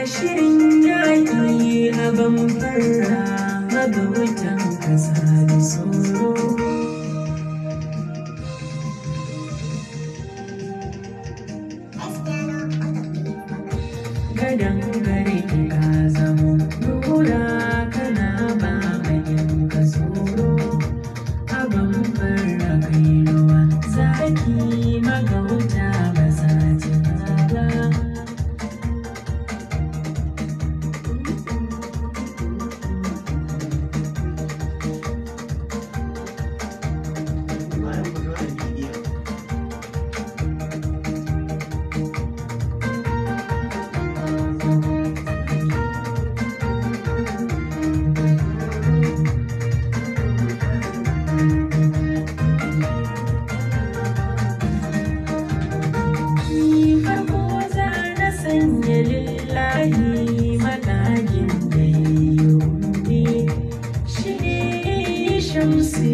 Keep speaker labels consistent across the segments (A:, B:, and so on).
A: ka shirin yaƙi a bambarra ga wutan ƙasa da sauro. gadon gari ki gaza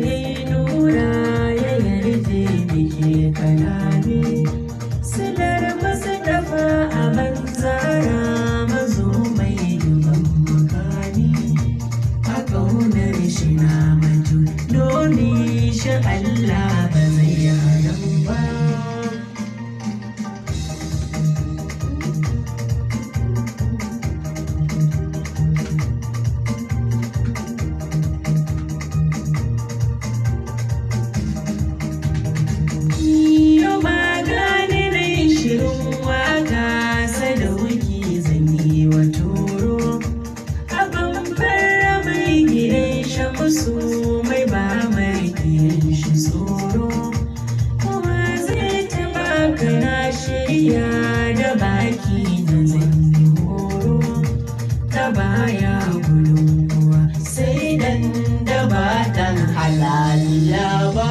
A: yayi nura ya yarje biki kalami silar masu dafa a banzara mazo mai duban mukami a ƙaunar shi na mutu domin shi Allah ba su ba mai shi tsoro kuma zai taba kana shirya da baki na zai horo ta baya gudunwa sai dan da ba dan halaliya ba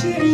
A: shitty